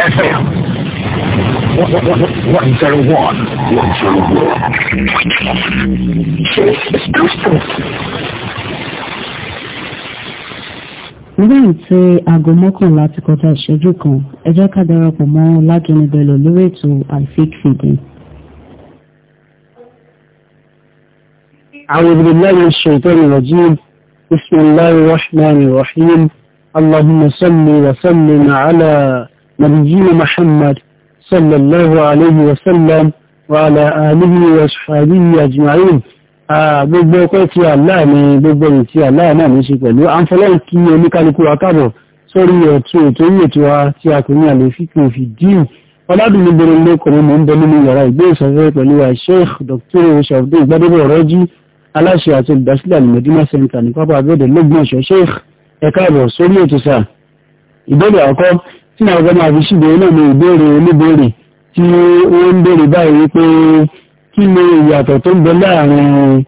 FM. 101. 101. It's Christmas. lẹ́yìn tí aago mọ́kànlá ti kọjá ìṣẹ́jú kan ẹ jẹ́ ká darapọ̀ mọ́ Lájọni Bello lórí ètò alfik fìdí. أعوذ بالله من الشيطان الرجيم بسم الله الرحمن الرحيم اللهم صل وسلم على نبينا محمد صلى الله عليه وسلم وعلى آله وصحبه أجمعين gbogbo ọkọ̀ tí Allah ni gbogbo ìrìn tí Allah náà ní ṣe pẹ̀lú àǹfọ́lọ́n kí oníkálukú akábọ̀ sórí ẹ̀tọ́ ètò ìyètò wa tí a kò ní àlèfíkùn fi díù ọládùnú bẹ̀rẹ̀ lókùnrin mọ̀ ń bẹ nínú yàrá ìgbéòsọ̀fẹ́ pẹ̀lú Sheikh Dr. ṣàfdé ìgbádẹ́bọ̀ rọ́jí tí àwọn ọmọ àfi ṣùgbọ́n náà ní ìbéèrè oníbéèrè tí wọ́n ń béèrè báyìí wípé kí ni ìyàtọ̀ tó ń bẹ láàrin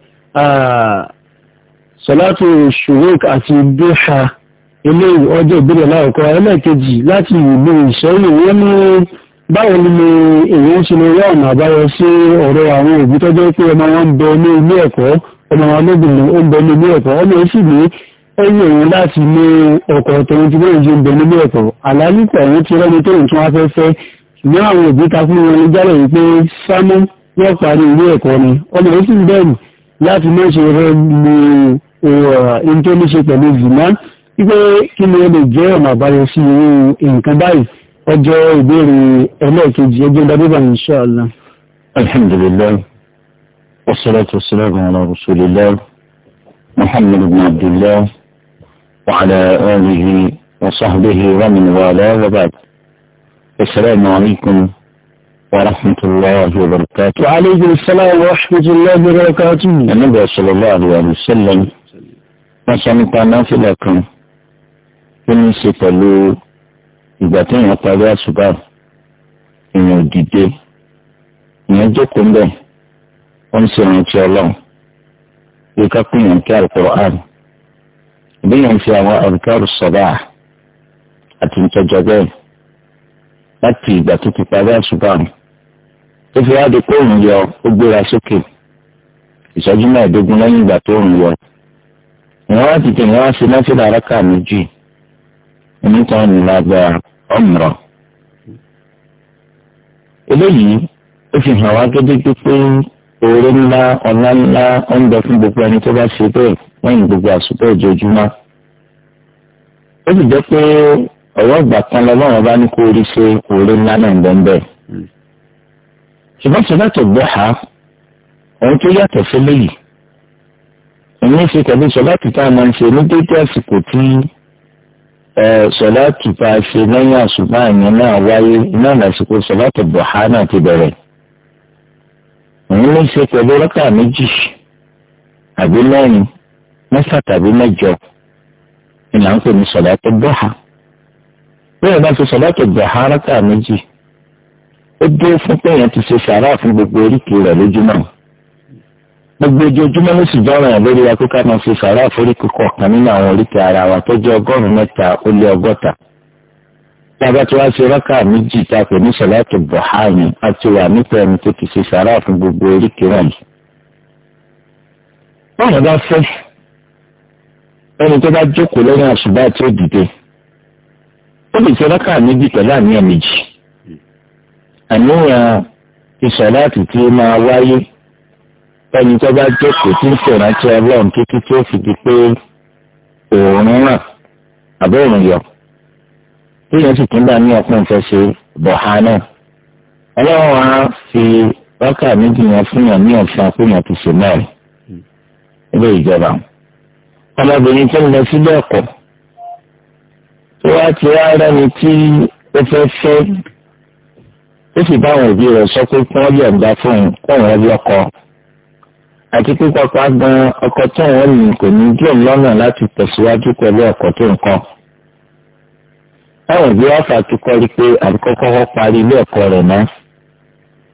sọ̀látò ṣòwòk àti dóṣà ilé ọjọ́ ìbílẹ̀ láòkọ́ ẹlẹ́ẹ̀kejì láti ìlú ìṣẹ́yìn wọ́n ní báwo ni mo èyí lè wá ọ̀nà àbáyọ sí ọ̀rọ̀ àwọn òbí tọ́jọ́ pé ẹ̀yìn òun láti lé ọkọ̀ tòun ti bẹ́ẹ̀ ju bẹ̀rẹ̀ nílé ẹ̀kọ́ àlálùkọ̀ òun ti rẹ́ni tóun tún wá fẹ́ fẹ́ ní àwọn òbí ta fún wọn jálẹ̀ wípé sámú yóò parí ilé ẹ̀kọ́ ni ọmọ yìí sì ń bẹ̀rù láti má ṣe rẹ́ lo eh, ohun tó ní ṣe pẹ̀lú zùmá wípé kí ni ó lè jẹ́ ọ̀nà àbáyọ sí irú nǹkan báyìí ọjọ́ ìbéèrè ẹlẹ́ẹ̀kejì ẹjọ́ dábíbà insha Allah. alhamdulillah wassalatu وعلى آله وصحبه ومن والاه وبعد السلام عليكم ورحمة الله وبركاته وعليكم السلام ورحمة الله وبركاته النبي صلى الله عليه وسلم ما سمعت نافلة كان ní ṣe pẹ̀lú ìgbà tí èèyàn parí àṣùbà èèyàn dìde èèyàn jókòó ń bẹ̀ ó ń ṣe ọlọ́run bí kí al àrùn bíyàn fi àwọn àrùkárù sọ̀rọ̀ àti ìtọ́jọ bẹ́ẹ̀ láti ìgbà tó ti parí àṣùbàmù tó fi wá di pé òun yọ ó gbéra sókè ìṣẹ́jú mẹ́ẹ̀ẹ́dógún lẹ́yìn ìgbà tó òun yọ ìwọ́n wá tètè ìwọ́n wá sí náfìlà rákà méjì onítàn nílágbára ọ̀mùrọ̀ eléyìí ó fi hàn wá gédégé pé oore ńlá ọ̀la ńlá ń bẹ fún gbogbo ẹni tó bá ṣe bẹ́ẹ̀ lẹ́yìn gbogbo àsùpọ̀ ojoojúmọ́. ó sì jẹ́ pé ọ̀rọ̀ ìgbà kan lọ́wọ́ bá ní kó rí ṣe òòrè ńlá náà gbẹ̀ǹbẹ̀. ṣùgbọ́n ṣọlá tó gbọ́ ha ohun tó yàtọ̀ sí léyìí èmi ṣe tẹ̀lé ṣọlá tó tá a máa ń ṣe ní déédéé àsìkò tí ṣọlá tó a ṣe lẹ́yìn àsùpọ̀ àyàn náà wáyé náà lásìkò ṣọlá tó gbọ́ ha náà ti bẹ̀rẹ̀. èmi ṣe tẹ̀lé rọ́kà méjì àbí mẹ́rin mẹ́fà tàbí mẹ́jọ ni là ń pè ní sọ̀láàtì dọ́hà bẹ́ẹ̀ bá fi sọ̀láàtì dọ́hà rákà méjì ó dé fún pé èèyàn ti ṣe sàrà fún gbogbo oríkì rẹ̀ lójúmọ́ gbogbo ojoojúmọ́ ló sì dọ́rọ̀ yẹn lórí wa kíkà máa ṣe sàrà àforíkì kọ̀ọ̀kan nínú àwọn oríkì ara wa tó jẹ́ ọgọ́rùn-ún mẹ́ta ó lé ọgọ́ta tába tí wàá ṣe rákà méjì tá a pè ní sọ̀láàtì dọ́hà ni a ti wà nípa ẹni tó ti ṣe sàrà fún gbogbo oríkì rẹ̀ yìí. báwo bá fẹ́ ẹni tó bá jókòó lẹ́yìn àṣùbá tí ó dìde ó lè ṣe rákà méjì pẹ̀lú àníyàn méjì àníyàn ìṣọ̀láàtì tí ó máa wáyé ẹni tó bá jókòó tí ń ṣèrántí ọlọ́run títí tí ó fi di pé òórùn ràn àbẹ́ òórùn yọ èèyàn sì tún bá ní ọpọ́n fẹ́ ṣe bọ̀há náà ọlọ́run á fi rákà méjì yẹn fún yàn ní ọ̀sán pé yàn ti ṣe mẹ́rin ilé ìjọba ọmọbìnrin tó ń lọ sílé ẹ̀kọ́ tó wá ti ara ni tí ó fẹ́ fẹ́ ó sì báwọn òbí rẹ̀ sọ pé kí wọ́n yọ̀ǹda fún un kó wọ́n rí ọkọ àti pípa pa gan ọkọ tó wọ́n ní kò ní díẹ̀ lọ́nà láti tẹ̀síwájú pẹ̀lú ọkọ tó ń kọ́ báwọn òbí wá fàtúkọ́ rí pé àbíkọ́kọ́ wọ́n parí ilé ẹ̀kọ́ rẹ̀ náà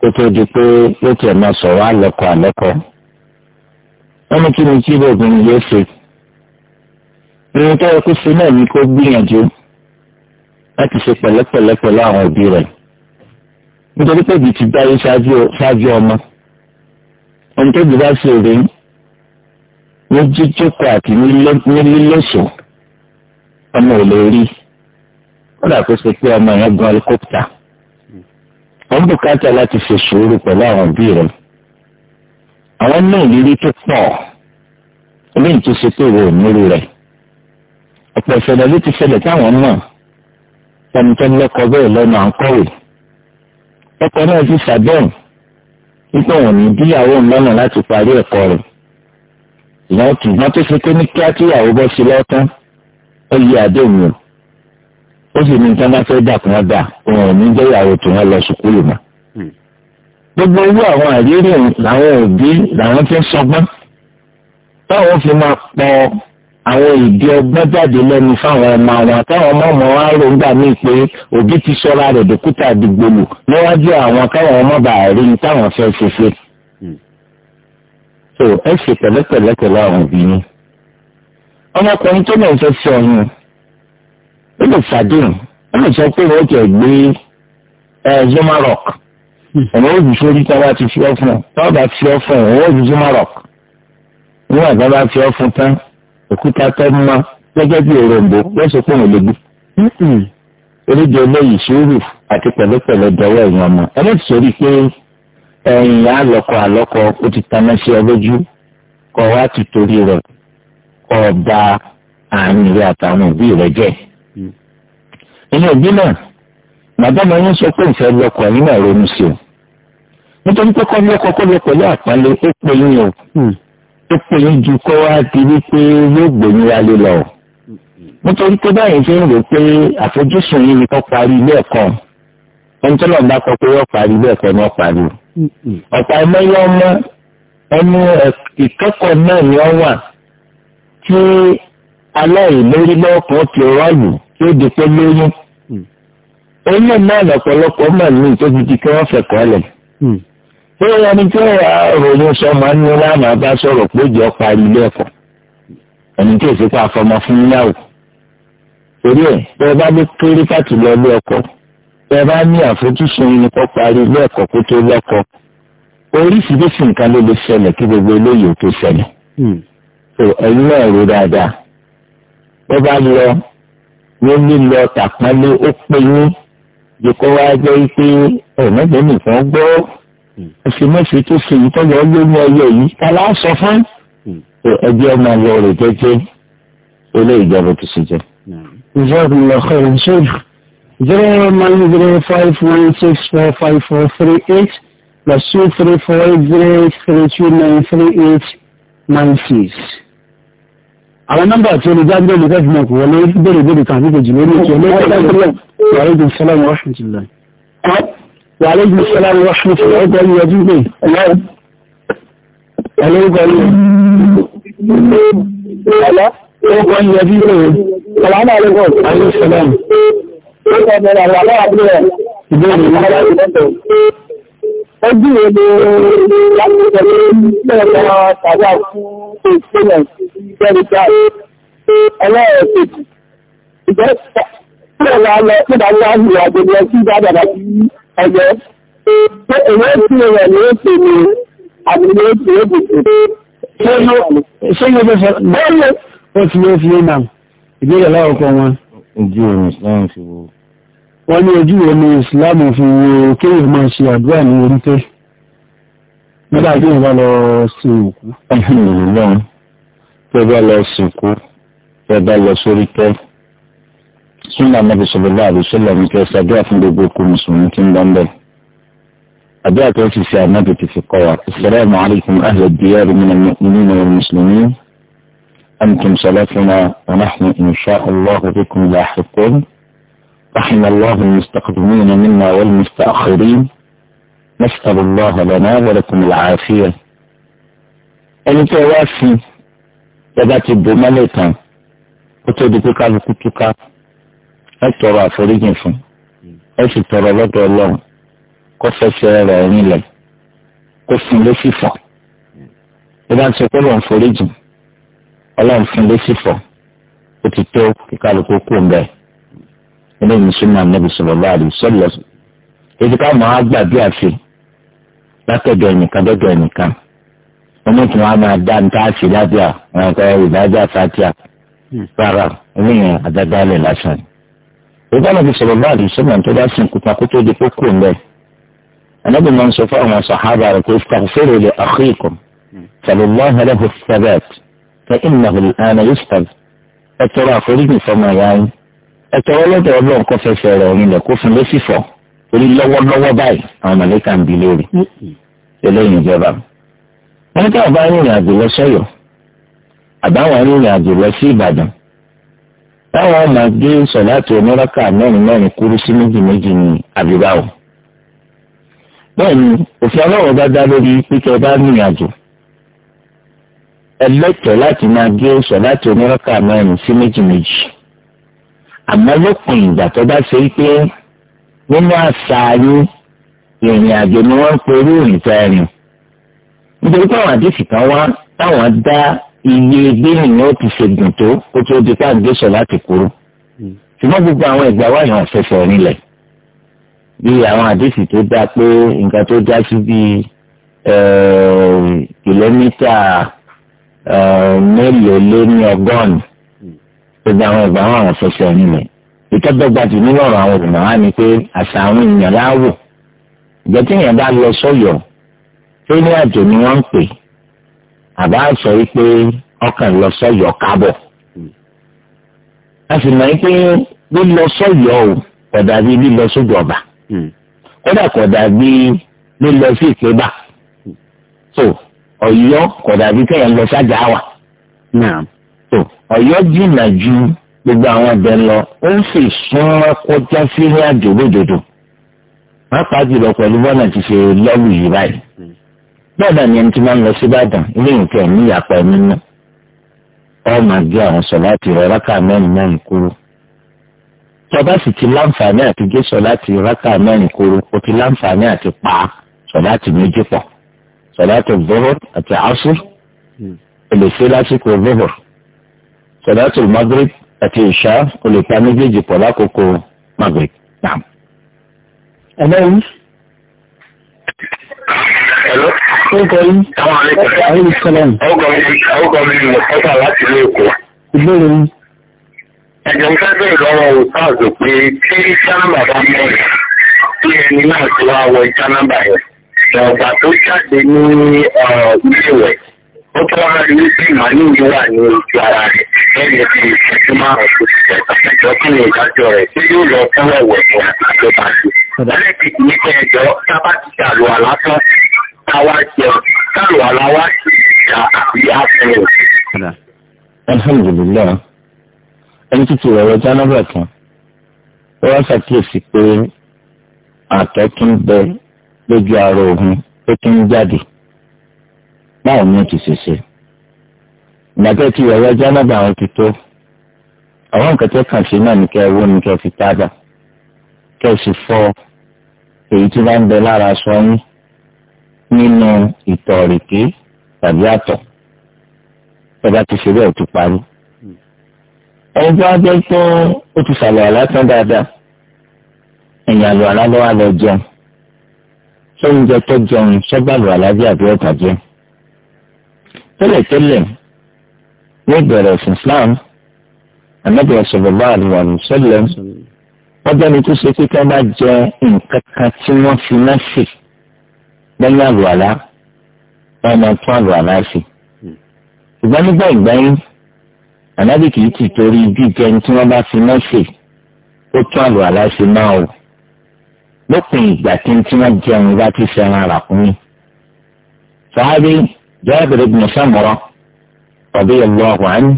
kó tó di pé yóò tiẹ̀ máa sọ̀rọ̀ àlọ́kọ̀ àlọ́kọ̀ wọ́n ní kí ni kí lóògùn yóò ṣe ìrìn tó yẹ kó ṣe náà ni kó gbìyànjú láti ṣe pẹ̀lẹ́pẹ̀lẹ́ pẹ̀lú àwọn òbí rẹ̀ nítorí pé ibi ti dáyé ṣáájú ọmọ ohun tó dùbà sí òde ní jíjókòó àti ní lílọ́sọ̀ ọmọ ò lè rí kódà kó ṣe pé ọmọ yẹn gun ẹlikọ́pítà wọ́n bùkátà láti fi sùúrù pẹ̀lú àwọn òbí rẹ̀ àwọn náà ìrírí tó pọ̀ eléyìí tó ṣe pé ìwé òmìnirú rẹ̀ ọ̀pọ̀lọpọ̀ ìṣẹ̀lẹ̀ ló ti ṣẹlẹ̀ táwọn mọ̀ ẹni tó lẹ́kọ̀ọ́ bẹ́ẹ̀ lọ́nà à ń kọ̀wé ẹ̀kọ́ náà ti ṣàdéhùn nípa òun ní díyàwó ńlọ́nà láti parí ẹ̀kọ́ rẹ̀ ìyẹn kì í má tó ṣe pé ní kíá kíyàwó bọ́ sí lọ́tán ó yí àdéhùn o ó sì ní nǹkan bá fẹ́ dà kí wọ́n dà òun ò ní jẹ́yàwó tí wọ́n lọ sùkúlù mọ́ hmm. gbogbo irú àwọn àrírí làwọn òbí làwọn ti ń sọgbọ́n táwọn fi máa pọ̀ àwọn ìdí ọgbọ́n jáde lẹ́nu fáwọn ọmọ àwọn táwọn ọmọ ọmọ wa rò ńgbà míì pé òbí ti sọ́ra rẹ̀ dókítà dìgbòlù níwájú àwọn káwọn ọmọ bá rí ní táwọn fẹ́ ṣeṣe. Hmm. so ẹ ṣe pẹ̀lẹ́pẹ̀lẹ́ pẹ̀lú àwọn òbí yín. ọmọkùnrin tó náà fẹ́ sọ ọyún ó lè ṣàdéhùn ó lè sọ pé wọ́n jẹ́ gbé ẹ zumarok hmm. ọmọ òbí sórí tí ti fi ọ́ fún ọ tí bá fi ọ́ fún ọ òkúta tó mọ gẹ́gẹ́ bí òròǹbó lọ́sọ̀ pé òun lè gbé. oríjọ eléyìí sùúrù àti pẹ̀lẹ́pẹ̀lẹ́ dọwọ́ ẹ̀yìn ọmọ ẹ bá ti sọ̀rí pé ẹ̀yìn àlọ́kọ àlọ́kọ ó ti taná sí ọ lójú kọ́ wá ti torí rẹ̀ kọ́ ba àárín rẹ̀ àtàwọn òbí rẹ̀ jẹ́. Mm. inú òbí náà màdàmú ẹni sọ pé ìfẹ́ lọ́kọ ẹ̀yìn náà ronú sí o nítorí pé kọ́ lọ́kọ kọ́ lọ́kọ lé àpọ́nlé ó pè yín o. Mm ó pèyí ju kó wá ti rí pé yóò gbòmí alẹ́ lọ. nítorí pé báyìí ṣe ń rò pé àfojúsùn yìí ni kò parí ilé ẹ̀kọ́ ẹni tó lọ́ọ́ bá kọ pé yóò parí ilé ẹ̀kọ́ ni wọ́n parí. ọ̀pá ẹmẹ́yẹ ọmọ ẹnu ìkẹ́kọ̀ọ́ náà ni wọ́n wà tí aláìlérí lọ́kàn ti rọ́ọ̀lù tí ó di pé lóyún. oyún náà lọ̀pọ̀lọpọ̀ mọ̀ ní ìtòjì kí wọ́n fẹ̀kọ́ lẹ̀ pé ẹni tí ó yà ròyìn sọmọ ní lánàá bá sọ̀rọ̀ pé jọ parí ilé ẹ̀kọ́ ẹni tí èsì pa àfọmọ fún yàwó torí ẹ̀ bẹ́ẹ̀ bá lè kéré káàtì lọ ilé ẹ̀kọ́ bẹ́ẹ̀ bá ní àfojúsùn ní kó parí ilé ẹ̀kọ́ kó tó lẹ́kọ̀ọ́ oríṣiríṣi nǹkan ló lè ṣẹlẹ̀ kí gbogbo eléyìí ó tó ṣẹlẹ̀ hmm. ẹ̀yin náà rò dáadáa bẹ́ẹ̀ bá lọ ní lílọ tàpọ́nlé ó pé yín jẹ́ kó jẹ́ pé ẹ̀ mẹ́jọ nìkan gbọ́ àṣemọ́ṣe tó ṣe yìí tọ́jú ọgbẹ́ ní ọyọ yìí ta la sọ fún hmm. ẹgbẹ́ ọmọ lọ rẹ̀ jẹ́jẹ́ eléyìí ìjọba tó ṣe jẹ́. ìjọba ọ̀hún ṣèlú zero nine zero five one six four five four three eight plus two three four eight zero eight three two nine three eight nine six àwọn nọ́mbà tí olùjá gbé olùkọ́ ìfìmọ̀ kò wọlé bèrè bèrè kan àti kejì lórí ètò olóògbé ọ̀rẹ́dùn sọlá ìwọ́ṣùn ti lọ. وعليه السلام ورحمة الله وبركاته اليوم اليوم لا يقول يدينه السلام عليكم عليه السلام Ọdún èdè láti ìjọba ìgbẹ̀rẹ̀ tàbí àwọn ìpínlẹ̀ ìgbẹ̀rẹ̀ ọlọ́ọ̀ẹ́sì ìgbẹ̀rẹ̀ tàbí àwọn ìpínlẹ̀ ìgbẹ̀rẹ̀ ọ̀yọ́ pé èyí tí ó rẹ̀ ló ti ní àbúrò tí ó ti ti ṣé yóò fẹ́ bọ́ọ̀lù ó ti yóò fi nà ìbéèrè láwọ̀kọ́ wọn. ojú omi Islam fi wo. wọ́n ní ojú omi Islam fi wo kéwòn máa ṣe àdúrà ní orí tẹ́ nígbà tí wọ́n bá lọ sí òkú. alhamdulilayi tẹ́ bá lọ sìnkú tẹ́ bá lọ sórí tẹ́. súnà nàbì sọlọ́lá àdùsọ́lá ní kẹ́ ṣàdúrà fún gbogbo okùn mùsùlùmí tí ń bá ń bẹ̀. àdúrà tó ti ṣe ànábì ti fi kọ́ wa asalaamu alaykum ahla diyaari min almu'minina wal muslimin antum salatuna wa nahnu insha allah bikum laaxiqun رحم الله المستقدمين منا والمستأخرين نسأل الله لنا ولكم العافية ẹni tó wá sí ẹ bá ti bò mọ́lẹ̀ tán ó tó di pé kálukú túká ẹ tọrọ àforíjì fún ẹ sì tọrọ lọ́dọ̀ Ọlọ́run kó fẹsẹ̀ rẹ̀ rinlẹ̀ kó fún lésì fọ bí wọn sọ pé lòun foríjì Ọlọ́run fún lésì fọ ó ti tó kíkálukú kú mbẹ ilé ìmísúnmọ anábì sọlọ bá àdìsí sọlọ ètò káwọn máa gbà bí àfi látọ̀dọ̀ ẹnìkan dọ̀dọ̀ ẹnìkan wọn tún wá máa dá níta àti lábíà wọn kọ ìdájà fatia hmm. rárá oníyàn àdáda lè lásán ni ìdáná fi sọ̀rọ̀ báàdì sọ́nà tó bá sìn kúta kó tó di pé kúrò ńbẹ́ anábì máa ń sọ fún àwọn sàhábà rẹ̀ pé fàfẹ́rẹ́ lè àkíkùn sàlùmáhà lẹ́hu fẹ́bẹ́t fẹ́ ìnáwó àná yóò sàb ẹ tọrọ àforíjì fọmọ ìyá yín ẹ tọrọ lọ́dọ̀ ọlọ́run kó fẹsẹ̀ rẹ̀ táwọn ọmọ gé láti oníraka mẹ́rin mẹ́rin kúrú sí méjì méjì ní àbíbáwò. bẹ́ẹ̀ni òfin ọlọ́run bá dá lórí pípẹ́ bá rìnrìn àjò ẹlẹ́tọ̀ láti máa gé láti oníraka mẹ́rin sí méjì méjì. àmọ́ lópin ìgbà tó bá ṣe pé nínú àṣà yín ìrìn àjò ni wọ́n ń pe irú ìrìn tẹ́rin. nítorí pé àwọn àdéhùn kan wá táwọn dá iye bíyìn ni ó ti ṣe gùn tó kó tó di pa gbèsò láti kúrò hmm. ṣùgbọ́n gbogbo àwọn ìgbà wà yàn fẹsẹ̀ rinlẹ̀ bí àwọn àdéhùn tó dá pé nǹkan tó dá sí bíi eh, kìlómítà eh, mélòó lé ní ọgọ́rùn-ún hmm. gbogbo àwọn ìgbà wà yàn fẹsẹ̀ rinlẹ̀ ìtọ́dọ́gba jù nínú ọ̀rọ̀ àwọn olùmọ̀ wá ni pé àṣà àwọn èèyàn láwò ìjọ tí èèyàn bá lọ sọ́yọ̀ tó ní àjò ni wọ́n ń pè é àbá sọ pé ọkàn lọ sọ́yọ́ kábọ̀ a sì mọ̀ pé lílọ sọ́yọ́ ò kódà bí lílọ sójú ọba kódà kódà bí lílọ sí ìpébà tó Ọ̀yọ́ kódà bí kẹyàn lọ sájà wà tó Ọ̀yọ́ jìnnà ju gbogbo àwọn ọbẹ̀ lọ ó ń sì súnmọ́ kọjá sílé àjò lódodo má pàjùlọ pẹ̀lú bọ́nà ti ṣe lọ́lù yìí báyìí bẹ́ẹ̀ náà ni ẹni tí máa ń lọ sí Ìbàdàn ilé nǹkan ẹ̀mí ìyàpá ẹ̀mí náà ọ máa gé àwọn sọ láti rọ rákà mẹ́rin mẹ́rin kúrú tọ́ba sì ti láǹfààní àti gé sọ láti rákà mẹ́rin kúrú o ti láǹfààní àti pa sọ láti méjì pọ̀ sọ láti Zuhur àti Asr o lè ṣe lásìkò Zuhur sọ láti Maghrib àti Isha o lè pa méjèèjì pọ̀ lákòókò Maghrib. Ẹ̀lẹ́yìn. Hello. Nítorí. Àwọn àlejò. Àwọn ìṣẹ̀lẹ̀. Ọgọ́ mi lè fọ́tà láti ilé Èkó. Ìbéèrè mi. Ẹ̀jẹ̀ ń fẹ́ bẹ̀rẹ̀ lọ́wọ́ òtáàzò pé tí sáńbà bá mẹ́rin tí ẹni náà ti wá wọ ìjà nọ́mbà yẹn. Ìjọba tó jáde ní ilé-ìwẹ̀. Ó tọ́ wá rí wípé màálù yìí wà ní ojú ara rẹ̀. Lẹ́yìn tí ìṣẹ́jú márùn-ún tó ti tẹ̀ta. Ìjọ kí ni ìdájọ́ rẹ̀ tí yóò lọ fún ẹ̀wẹ̀ fún àjọba àti. Lẹ́yìn tí ìpínlẹ̀ ẹjọ́ ti ṣàlùwà lásán àwa jẹun káàlù aláwa sì ta àbí àfẹ́rẹ́. alhamdulilayi ẹni títí rẹ̀ wọ́n jánábà kan ó wá ṣàkíyèsí pé àtọ̀ tó ń bẹ lójú ara òun ó tún ń jáde báwo ni ó ti ṣe ṣe ìgbàgbọ́ tí ìyàwó jánábà àwọn ti tó àwọn nǹkan tó kàn sí náà ní kẹ́ ẹ ní kẹ́ ẹ fi tábà kẹ́ ẹ sì fọ èyí tí bá ń bẹ lára aṣọ yín nínú ìtọ̀ rèké tàbí àtọ̀ tọ́ba ti ṣe bẹ́ẹ̀ ó ti parí. ẹni tó wá jẹ́ pé ó ti ṣàlẹ̀ àlásán dáadáa ẹ̀yìn àlọ́ alálọ́wà lọ jẹun sóúnjẹ tó jẹun sọ́gbàlù alájẹ àbí ọ̀tà jẹun. tẹ́lẹ̀tẹ́lẹ̀ ní ìbẹ̀rẹ̀ ẹ̀sìn Islam anabi ọ̀sọ̀bọ̀bá àdúrà ṣẹlẹ̀ wọ́n jẹ́ni tó ṣe pé bá jẹ nǹkan kan tí wọ́n fi náà ṣe lẹ́yìn àlùwàlá wọn máa tún àlùwàlá sí ṣùgbọ́n nígbà ìgbẹ́yìn ànábì kìí ti torí bí ìjẹun tí wọ́n bá fi náà ṣe ó tún àlùwàlá sí náà o lópin ìgbà tí tí wọ́n jẹun bá ti ṣe ara rà fún mi. sàábì Jabir ibn Samura radiyallahu anhu.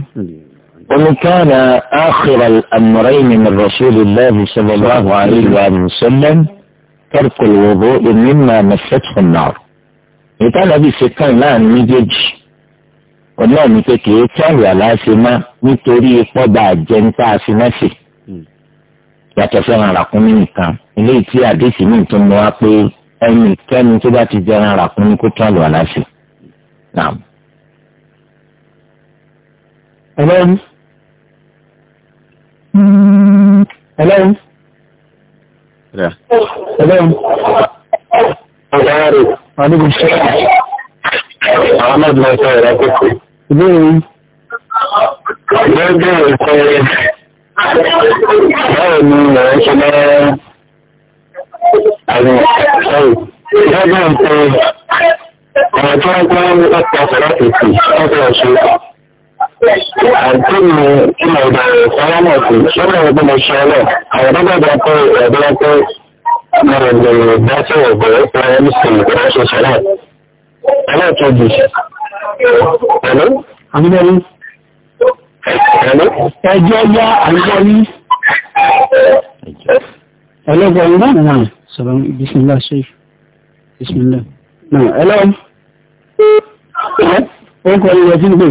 ومن كان آخر الأمرين من رسول الله صلى الله عليه وآله وسلم tẹ́rìkù lòwòbó èmi máa mẹ́sẹ̀tù náà ìtànàbí ṣe kàn láàrin méjèèjì ọ̀nà mi pé kì í tí àwọn aláṣẹ má nítorí pọ́ba àjẹnta àfinẹ́sì yàtọ̀ fẹ́ràn ràkúnmí nìkan eléyìí tí àdéhìí mi tó mú wa pé ẹnikẹ́ni tó bá ti jẹran ràkúnmí kó tó àlọ́ aláṣẹ. Hello. Mm. Hello rẹ̀. Ìbéèrè Ìgbẹ́gbẹ̀rẹ̀ ìfẹ́ báwo ni ọ̀rọ̀ ṣe máa àwọn ìgbẹ́gbẹ̀rẹ̀ ìfẹ́ ọ̀rọ̀ tó ń pẹ́ láti ọ̀sẹ̀ láti fi ọ̀sẹ̀ ọ̀ṣẹ́ àti mi tí mo bá sọ́wọ́ náà sí lọ́nà ìgbọ́n mo ṣe ọlọ́ àwọn tó gbọ́dọ̀ pé ẹ̀dọ́ pé mo rẹ̀ lè bá sí ọ̀gbẹ́ ẹ̀rọ mc ìránṣẹ́ sọ́nà ẹlẹ́ẹ̀kejì pẹ̀lú. àbíbẹ́rí ẹjọ́ yá àlùkò ní ẹlẹ́gbọ̀n ní báyìí náà sọ̀rọ̀ bisimilá ṣe bisimilá. ẹlẹ́wọ̀n ó kọ́ ilẹ̀ tí ń gbé.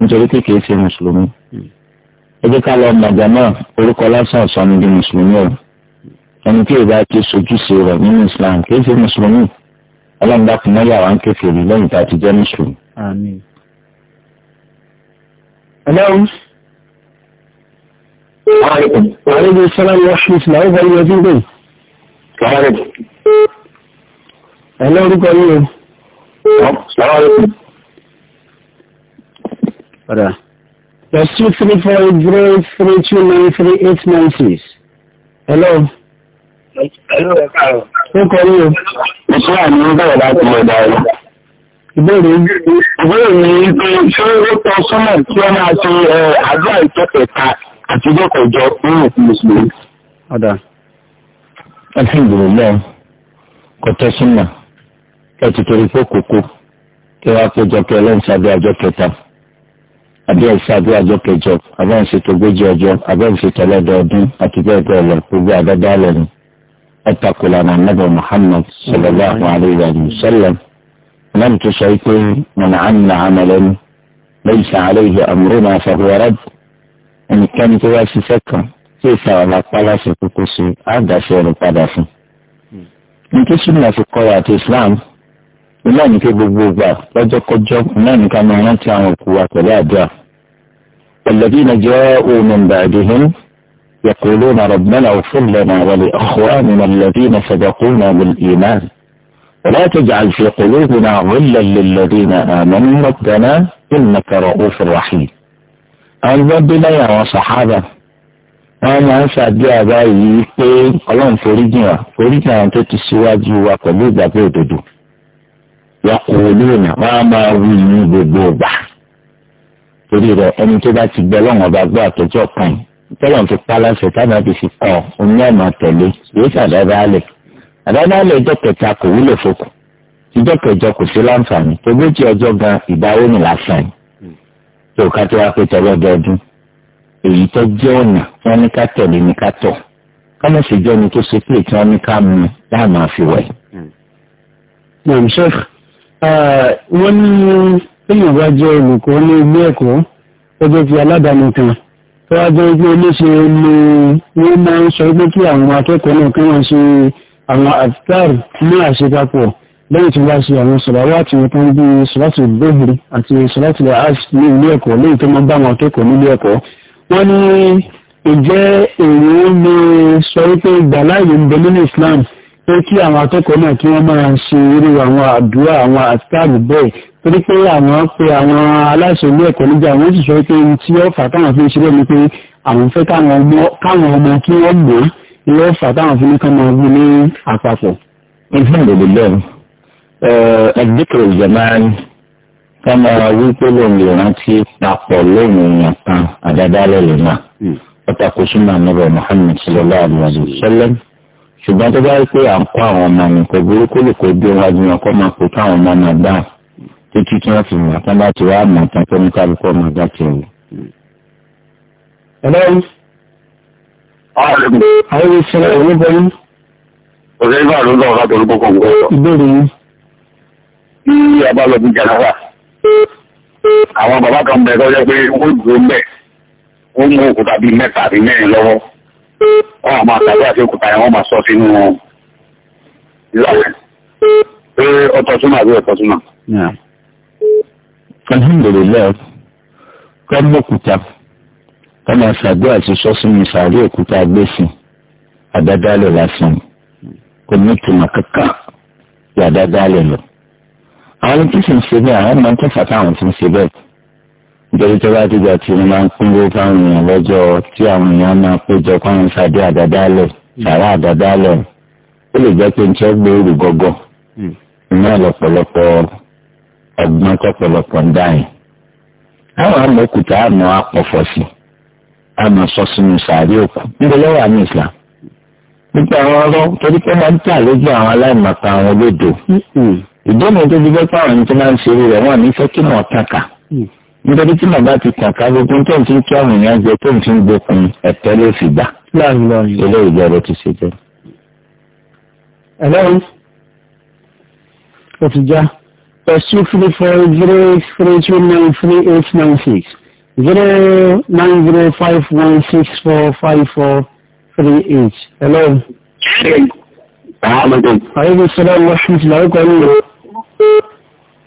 nítorí pé kìí ṣe mùsùlùmí ẹ jẹ́ ká lọ màgà náà orúkọ lásán ọ̀sán ni di mùsùlùmí o ẹni tí ìbá ti sojúṣe rẹ̀ nínú Islam kìí ṣe mùsùlùmí ọlọ́run dákun mọ́ yàrá ń kékeré lẹ́yìn tá a ti jẹ́ mùsùlùmí. Hello. وعليكم السلام ورحمة الله وبركاته وعليكم السلام ورحمة الله وبركاته Ọ̀rọ̀ two three four eight zero eight three two nine three eight nine Ìbéèrè ìbéèrè mi ni pé ṣé ó tọ́ tí wọ́n máa ṣe àjọ àti òkú Mùsùlùmí. Ọ̀dà. tọ́ torí pé kòkó kí wọ́n á péjọ kí àbí ẹ̀sẹ̀ àbí àjọ kẹjọ àbẹ́ ẹ̀sẹ̀ togójì ọjọ́ àbẹ́ ẹ̀sẹ̀ tẹlẹ́dọ̀ọ́dún àti bẹ́ẹ̀ bẹ́ẹ̀ lọ gbogbo àdáda lẹ́nu ẹ̀tàkùlànà nàbẹ̀ Muhammad sallallahu alayhi wa sallam náà tó sọ pé mọ̀nà àmì àmàlẹ́nu lẹ́yìn sàálẹ́yìn àmúrẹ́nà àfọwọ́rẹ́d ẹnikẹ́ni tó wá ṣiṣẹ́ kan tí ìsà ọ̀la pálásẹ̀ kókó sí àgàṣe rẹ̀ padà fún. náà ní kí gbogbo gbà lọ́jọ́kọ́jọ́ náà ní ká máa rántí àwọn òkú wa pẹ̀lú àdúrà. الذين جاءوا من بعدهم يقولون ربنا اغفر لنا ولإخواننا الذين سبقونا بالإيمان ولا تجعل في قلوبنا غلا للذين آمنوا ربنا إنك رؤوف رحيم àgbọ́dúnlá àwọn sàhábà wọn máa ń ṣàdúrà báyìí pé ọlọ́run foríjìn wa foríjìn àwọn tó ti yaquluna wọn á máa wí ní gbogbo ìgbà torí rẹ ẹni tó bá ti gbẹ lọ́wọ́n ọba gbọ́ àtọ́jọ́ kan tọ́lọ̀ ti paláṣẹ táwọn ti fi kọ́ oní ọ̀nà tẹ̀lé yóò ṣàdádálẹ̀ àdádálẹ̀ ọjọ́ kẹta kò wúlò fokù ìjọ kẹjọ kò sí láǹfààní ogójì ọjọ́ gan ìdáwó ni lásán tó ká tó wá pé tọ́lọ́dọọdún èyí tó jẹ́ ọ̀nà wọn ní ká tẹ̀lé ní ká tọ̀ kọ́nà ṣèjọ́ ni tó ṣe pé tí wọ́n ní ká mú láàmú àfiwẹ́ wọ́n ní èèyàn bá jẹ́ olùkọ́ ní ilé ẹ̀kọ́ tó jẹ́ ti aládàáni kan tó wá jẹ́ pé léṣe ni wọ́n máa ń sọ pé kí àwọn akẹ́kọ̀ọ́ náà kí wọ́n ṣe àwọn àtìkáàrù ní àṣepapọ̀ lẹ́yìn tí wọ́n bá ṣe àwọn sọ̀rọ̀wá tí wọ́n tán bí sọ̀rọ̀tì gbòòrì àti sọ̀rọ̀tì àṣ ní ilé ẹ̀kọ́ lẹ́yìn tó máa bá àwọn akẹ́kọ̀ọ́ nílé ẹ̀kọ́ wọ́n ní ìjẹ́ èrò lè sọ wípé ìgbàláyè ń bẹ nínú Islam pé kí àwọn akẹ́kọ̀ọ́ náà kí wọ́n máa ṣe irú àwọn àdúrà àwọn àtàrí bẹ́ẹ̀ torí pé àwọn pé àwọn aláṣẹ ilé ẹ̀kọ́ níjà wọ́n sì sọ pé ohun tí ó fà táwọn fi ń ṣe lẹ́nu pé àwọn fẹ́ káwọn ọmọ kí wọ́n gbọ́ ilé ọ̀fà táwọn fi ní ká máa gbé ní àpapọ̀. alhamdulillah ẹ̀ẹ́dẹ́kẹ̀ ìjọmọ́án ká máa wí pé lóun lè papọ̀ lóun èèyàn kan àdádálẹ̀ hmm. Muhammad sallallahu alaihi wa sallam ṣùgbọ́n tó bá rí pé àkọ́ àwọn ọmọ mi kò burúkú lè kó dé wájú wọn kó máa kó káwọn ọmọ náà dá títí tí wọ́n fi mọ̀ tán bá ti wá mọ̀ tán tó ní kálukú ọmọ ọ̀gá tiẹ̀ wò. ẹlẹ́yìn. àwọn ìṣẹ̀lẹ̀ oníbẹ̀rù. òṣèré bá ló ń lọ láti orúkọ kan gbọ́. ìbéèrè yín. bí a bá lọ sí jẹnẹra àwọn bàbá kan bẹ tó jẹ pé wọn gbó mẹ wọn mú òkúta bíi mẹ́ta àbí mẹ́rin lọ́wọ́ wọ́n máa tàbí àti òkúta yẹn wọ́n máa sọ sínú ìlànà pé ọtọ̀túnmà àbí ọtọ̀túnmà. alhamdulilayi kọ́mọ́kúta kọ́mọ ṣàgbé àti sọ́sìn ìsàrí òkúta gbèsìn àdádálẹ̀ lásán kò ní ìtumọ̀ kankan yàdádálẹ̀ lọ. àwọn tí sì ń ṣe bẹ́ẹ̀ àwọn máa ń tẹ́fà táwọn ti ń ṣe bẹ́ẹ̀. nítorí tó bá ti gbà tí wọ́n máa ń kúnlé fáwọn èèyàn lọ́jọ́ tí àwọn èèyàn máa péjọ fáwọn sàdé àdádálẹ̀ sàrà àdádálẹ̀ ó lè jẹ́ pé n gọ́gọ́ hmm. iná ọgbọ́n ń àwọn àmọ́ sí àmọ́ sọ sínú òkú níbo lọ́wọ́ àmì Islam nípa àwọn torí pé máa ń tà lójú hmm. rẹ̀ wọ́n ní fẹ́ kí hmm. nítorí tí màbá ti kàn ká gbogbo tó ń fi kí àwọn èèyàn jẹ tó ń fi gbókun ẹ̀tẹ́ ló fi gbà. ilé ìjọ ló ti ṣe jẹ. ẹ̀lọ́run ó ti já plus two three four zero three two nine three eight nine six zero nine zero five one six four five four three eight. ẹ̀lọ́run. àwọn ọmọdé. àyẹ̀wò sọ́dọ̀ washington làwọn kan ń lò.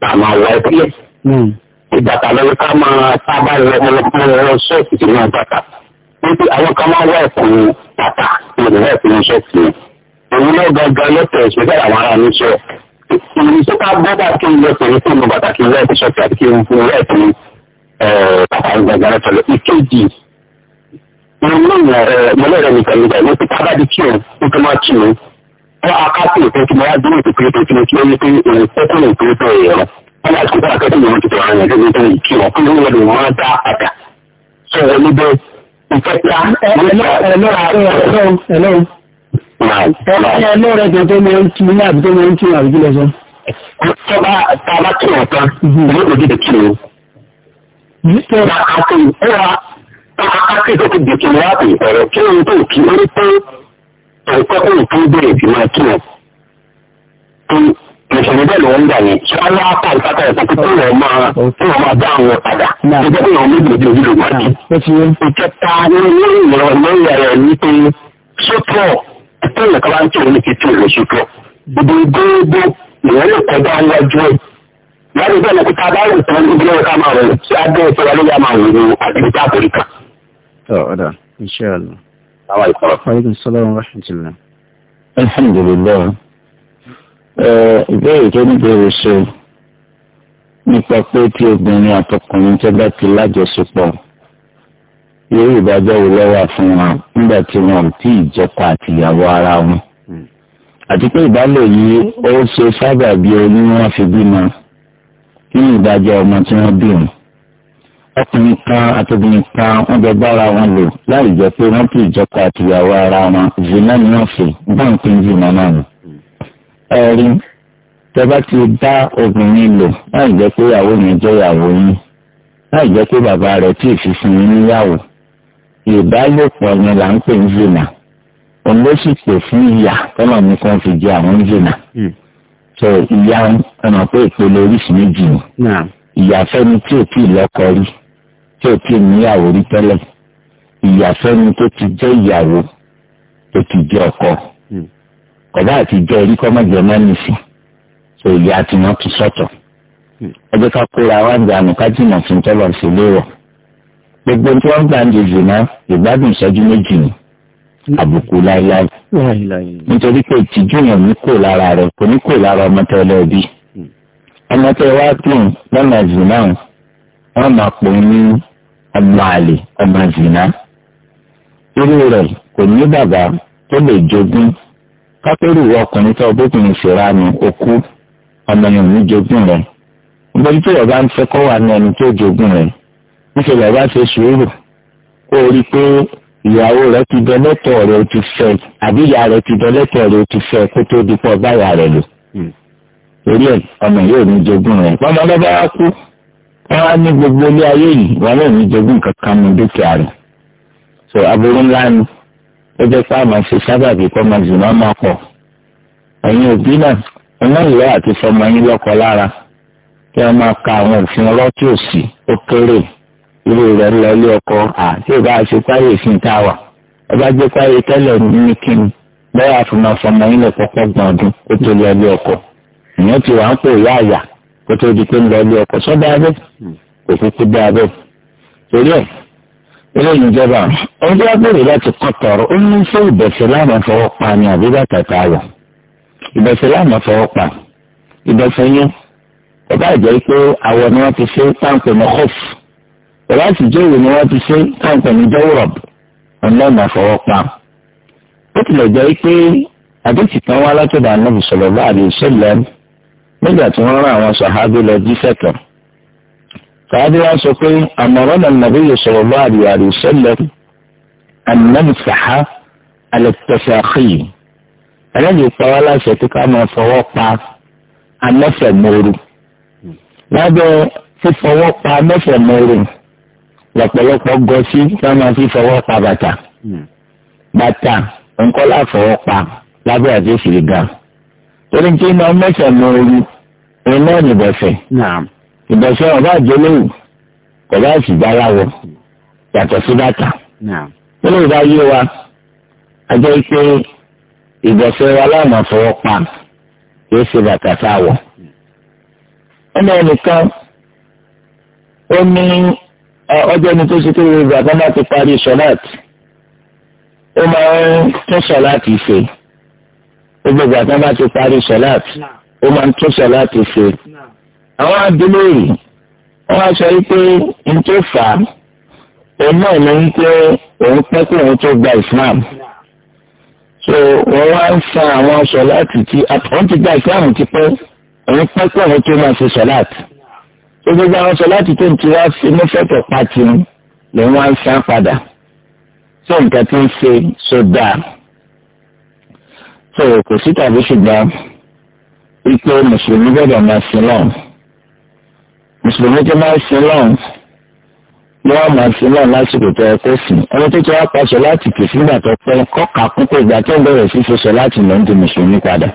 ká máa wá ẹbí ẹ̀. ìbàtà lọ́wọ́ ká máa sábà lọ́mọlọ́mọ lọ́wọ́ ṣọ́ọ̀kì tí wọ́n bàtà. níbi àwọn kan máa wá ẹ̀kún bàtà lọ́wọ́ ẹ̀kún ṣọ́ọ̀kì yẹn. òun náà gangan lọ́tọ̀ ìṣẹ́gbẹ́ àwọn ará mi sọ. ìrìnsẹ́ ká gbọ́dọ̀ kí n lọ pẹ̀lú fún mi bàtà kí n wá ẹ̀kún ṣọ́ọ̀kì àti kí n fún wá ẹ̀kún bàtà gangan lọ́tọ̀ lọ. ìkejì mo ní ìrìn wọ́n akápò tó ti máa dúró ti péréte tí mo ti lóye pé òun kókòrò péréte ẹ̀rọ wọ́n láti kókó akẹ́kọ̀ọ́ ìwọ̀n ti tẹ̀ wọ́n yẹn tó ń kí wọ́n kí ló wọ́n lè máa dá àdá sọ wọ́n níbẹ̀ ìfẹ́ta ẹ̀lọ́ rẹ̀ jẹ́ tó mọ̀ ń kí ní àbí tó mọ̀ ń kí ní àbí gílẹ̀ sọ. tọ́ba tàbá kí wọ́n tán ìwé òdìdí kí ni. tọ́ba àti ìwà tọ́ba àti ìtòkè àìkọ́kọ́ nǹkan tó bẹ̀rẹ̀ sí máa kí wọn. Mùsùlùmí bẹ́ẹ̀ lọ́wọ́ ń gbà ní. Ṣé wọ́n á kà ìpátá ẹ̀sán pé kí wọ́n máa kí wọ́n máa dá àwọn padà? Ìjọba ìwọ̀n méjì lójú ló wà ní. Ìkẹta ní ìrọ̀ lórí ẹ̀rọ ní pé sótọ̀ ẹ̀tọ́ ìlẹ̀kọ́ bá ń tò ní kìtì ìlú sótọ̀. Gbogbo ìwọ́n lè kọjá wájú ẹ̀. Láti bẹ́ẹ̀ ni kíta bá rìn tán ibi lọ́wọ́ ká máa rẹ̀ sí abẹ́ ìfọwọ́lẹ́yà máa wò ó àti sáwọn ìkọlọ. ورحمة الله الحمد لله alhamdulilayi ìbéèrè tó ní bèrè ṣe nípa pé tí obìnrin àtọkùnrin tó bá ti lájọṣepọ̀ yóò ìdájọ́ wo lọ́wọ́ fún wa nígbà tí wọn ò tí ì jọkọ àtìyàwó ara wọn. Hmm. àti pé ìbálò yìí ó ṣe sábà bí oyún wọn fi bímọ nínú ìdájọ́ ọmọ tí wọ́n bí ọkùnrin kan àtòbìnrin kan wọn jọ bára wọn lò láì jẹ́ pé wọn kì í jọkọ àtìyàwó ara wọn zina ni wọn fẹ́ báńkì zina náà ni. ẹ̀rí tẹ́bá ti bá obìnrin lò láì jẹ́ pé ìyàwó mi jẹ́ ìyàwó yín láì jẹ́ pé bàbá rẹ̀ tí èsì fún yín níyàwó ìbálòpọ̀ yẹn là ń pè ní zina òun ló sì pè fún ìyà tọ́lọ̀ ní kan fi jẹ àwọn zina. Hmm. sọ ìyá ọmọ pé ìpele oríṣi méjì ìyàfẹ́ni tí ò tí ì lọ́kọ rí tí ò tí ì níyàwó rí tẹ́lẹ̀ ìyàfẹ́ni tó ti jẹ́ ìyàwó tó ti jẹ́ ọkọ hmm. kọ̀dá àti jẹ́ orí kọ́mọ́jọ mẹ́rin sí so ìyá àti wọn ti sọ̀tọ̀ hmm. ẹ jẹ́ ká kóra wá ń dànù ká jìnnà fún tọ́lọ̀ sí léwọ̀ gbogbo tí wọ́n gbà ń dè náà ìgbádùn ìṣẹ́jú méjì ni hmm. àbùkù láéláé nítorí pé ìtìjú yẹn ní kò lára rẹ kò ní kò lára ọmọ tẹ ọlẹ́bí ọmọ tẹ wá dùn lọ́nà jù náà máa pò ní ọmọ àlè ọmọ zina irú rẹ̀ kò ní bàbá tó lè jogún kápẹ́rù ọkùnrin tó bókùnrin ṣèrà ni okú ọmọ yẹn ní jogún rẹ̀ nítorí tí bàbá ń fẹ́ kọ́ wà ní ẹni tó jogún rẹ̀ níṣẹ́ bàbá ṣe sùúrù kó o rí i pé ìyàwó rẹ̀ ti dọ́lẹ́tọ̀ rẹ̀ o ti fẹ́ àbí ìyá rẹ̀ ti dọ́lẹ́tọ̀ rẹ̀ o ti fẹ́ kó tó di báyà rẹ̀ lò hmm. torí ẹ̀ ọmọ yóò ní jogún rẹ̀ pọ́nmọ́lọ́bá kú wọn á ní gbogbo ilé ayé yìí wọn lè ní jogún kankan mọ dúkìá rẹ̀ so aburú ńlá ni ó jẹ́ pé àmọ́ ṣe sábàbí kọ́ máa zùmọ́ máa pọ̀ ẹ̀yin òbí náà ọmọ ìwé àti sọmọ yín lọ́kọ lára kí wọ́n máa ka àwọn òfin ọlọ́tí òsì ó kéré irú rẹ̀ lọ ilé ọkọ àti ìbá ṣe páyé ìfín tá a wà ẹ bá gbé páyé tẹ́lẹ̀ ní kíni bẹ́ẹ̀ àfihàn sọmọ yín lọ́kọ́ pọ̀ ó tó lọ ilé ọkọ ìyẹn ti wà ń pè ìyá kó tó di pé ń lọ ilé ọkọ sọ́dọ̀ abẹ́ kò kúkú dá abẹ́ torí ẹ̀ eléyìí ìjọba ọjọ́ abẹ́rẹ́ láti kọ́ tọ̀rọ̀ ó ní ṣé ìbẹ̀sẹ̀ láàmú fọwọ́ pa ni àbí bàtà tá a wọ̀ ìbẹ̀sẹ̀ láàmú fọwọ́ pa ìbẹ̀sẹ̀ yẹn ọba ìjẹ́ pé awọ ni wọ́n ti ṣe táǹpẹ̀ ní hof ọba ìjẹ́ ìwé ni wọ́n ti ṣe táǹpẹ̀ ní dọ́wọ́rọ̀b ọ̀nàmọ̀ fọwọ́ pa ó tilẹ̀ jẹ́ pé àdéhùn kan wá látọ̀dọ̀ ànábì sọ̀rọ̀ bá àdéhùn nígbà tí wọ́n rán àwọn sàhábì lọ jíṣẹ́ kan sàhábì wa sọ pé àmọ̀ràn nàbí sallallahu alaihi wasallam ànàmùsàhá àlẹ́tẹ̀sàkì ẹlẹ́yìn ìpawá láṣẹ tí ká máa fọwọ́ pa amẹ́fẹ̀mọ́rù lábẹ́ fífọwọ́ pa amẹ́fẹ̀mọ́rù lọ́pọ̀lọpọ̀ gọ́sí ká máa fífọwọ́ pa bàtà hmm. bàtà nǹkan láfọwọ́ pa lábẹ́ àti ìṣèlú gan torí kí máa mẹ́sẹ̀ lọ orí iná ìbẹ̀fẹ̀ ìbẹ̀fẹ̀ ọba àjọlẹ́wò kò bá sì dára wọ yàtọ̀ sí bàtà nínú ìbá yé wa ajọ́ pé ìbẹ̀fẹ̀ wa láwọn àfọwọ́ pa yóò ṣe bàtà sáwọ̀ ọmọ ẹnìkan ó ní ọjọ́ ní tó ṣe tó wọ bàbá náà ti parí sọ́láàtì ó máa ń tún sọ́láàtì ṣe gbogbo ìgbà tí wọn bá ti parí sọláàt ó máa ń tún sọláàt ṣe àwọn abúlé yìí wọn á sọ wípé n tó fà á òun náà ní wípé òun pẹ́ kí òun tó gba Islam so wọn wá ń fa àwọn sọláàt tí àtọ́n ti gba Islam ti pẹ́ òun pẹ́ kí òun tó máa ṣe sọláàt gbogbo àwọn sọláàt tó ń tiwá sí mọ́fẹ́tọ̀ pàtì lòun wá ń san padà sí nǹkan tí ń ṣe sódà. So so kò sí tàbí ṣùgbọ́n wípé mùsùlùmí gbọ́dọ̀ máa sin lọ́n mùsùlùmí tó máa sin lọ́n ni wọ́n máa sin lọ́n lásìkò tó ẹ kó sìn ẹni tó ti wá paṣọ láti kì sígbà tó pẹ́ kọ́ka púpọ̀ ìgbà tó ń bẹ̀rẹ̀ sí ṣoṣọ láti lọ́ ń di mùsùlùmí padà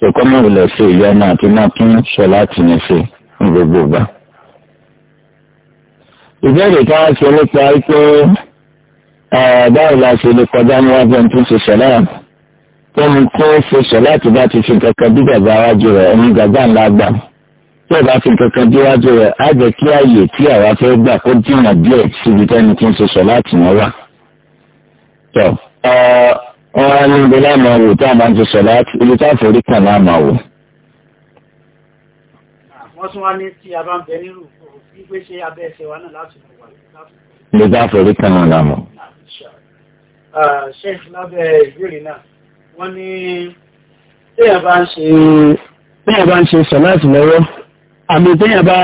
ṣèkọ́ mọ̀ wùlẹ̀ sí ìyá náà tó máa tún ṣọ láti ní ṣe ní gbogbo ìgbà. ìbéèrè kan ṣe nípa pé báwo la ṣe lè kọjá níwájú ẹni tó ń ṣe ṣẹlẹ́yàmù tẹ́ni tí wọ́n ṣe sọ láti bá ti fi kankan bí gàgà wájú rẹ̀ ẹni gàgà ńlá gbà tí ò bá fi kankan bí wájú rẹ̀ á jẹ́ kí ààyè tí àwa fẹ́ gbà kó dìrọ̀ díẹ̀ síbi tẹ́ni tí ń ṣe sọ láti wọ́n wà. tọ́ ọ wọn á ní ibi láàmú àwò tá a máa ń ṣe sọ láti ibi tá a forí kàn láàmú àwò. wọ́n tún wá ní tí a bá ń bẹ nírú wípé abẹ́ ẹsẹ̀ wa náà láti wọ́n ní téèyàn bá ń ṣe téèyàn bá ń ṣe sọ̀láàtì lọ́wọ́ àmì téèyàn bá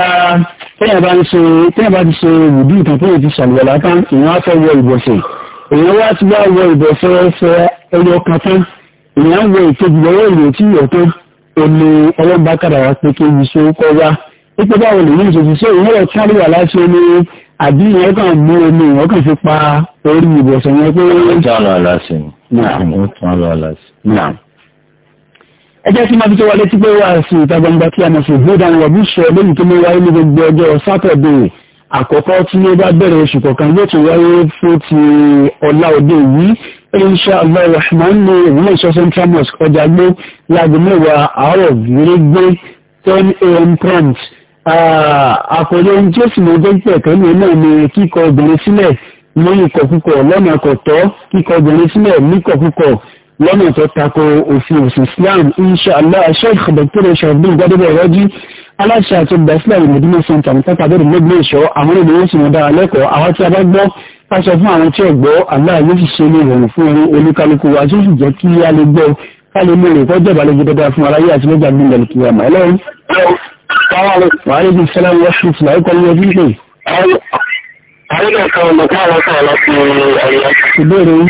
téèyàn bá ń ṣe téèyàn bá ti ṣe ìbùdí ìtàn téèyàn ti ṣàlùwẹ̀lá tán ìyẹn á fẹ́ wọ ìbọ̀sẹ̀ èèyàn wá ti bá wọ ìbọ̀sẹ̀ ẹsẹ̀ ẹyọ kan tán èèyàn wọ ìkejì lọ́wọ́ ìwé tí ìyọ̀ tán òní ọlọ́gbà kàdàrà pé kí ibi ṣe kọ́ wá wípé báwo lè ní ìṣòṣì ṣé ìyẹn rẹ̀ kárí láti omi àbí ìyẹn kàn mú omi ìyẹn kàn fi pa orí ìbọ̀sẹ̀ yẹn pé ó tún á lọ àlà sí. ẹ jẹ́ kí n máa fi tó wa létí pé wá sí ìta gbangba kí a máa fi gbódà ń wọ̀bí sọ lónìí tó mú wáyé ní gbogbo ọjọ́ sátọ̀dẹ̀ àkọ́kọ́ tí ó bá bẹ̀rẹ̀ oṣù kọ̀ọ̀kan yóò tún wáyé fún ti ọ̀la òde yìí insha allah rahman ní ìwúlò ìṣọ́ central mosque ọjà gbé ten am prompt ah, àkọ́jọ́ ohun tí ó sì mọ́ jẹ́ pẹ̀kẹ́ ní náà ni lórí kọ̀kúkọ̀ lọ́nà kọ̀tọ́ kíkọ obìnrin sílẹ̀ ní kọ̀kúkọ̀ lọ́nà tó tako òfin òsìn Islam inshallah sheikh dr shabdul gbadebo rọjí aláṣẹ àti ọgbà Islam medina center nípa tàbí lẹ́gbẹ̀ẹ́ ìṣọ́ àwọn ènìyàn sì mọ̀dá lẹ́kọ̀ọ́ àwọn tí a bá gbọ́ ká sọ fún àwọn tí ò gbọ́ Allah yóò sì ṣe ní ìrọ̀rùn fún orí olúkálukú wa tí ó sì jẹ́ kí a lè gbọ́ ká lè mú ìrìn kọjá ìbàlẹ̀ dáadáa fún aráyé àti lọ́jà gbígbà lè kíyàmà ẹlẹ́rìí. wàhálà ìsìlámù washington àìkọ́ni ọdún Àwọn kan mọ̀ kí àwọn sọ̀rọ̀ lọ sí ọ̀yọ́. Ìbéèrè yìí.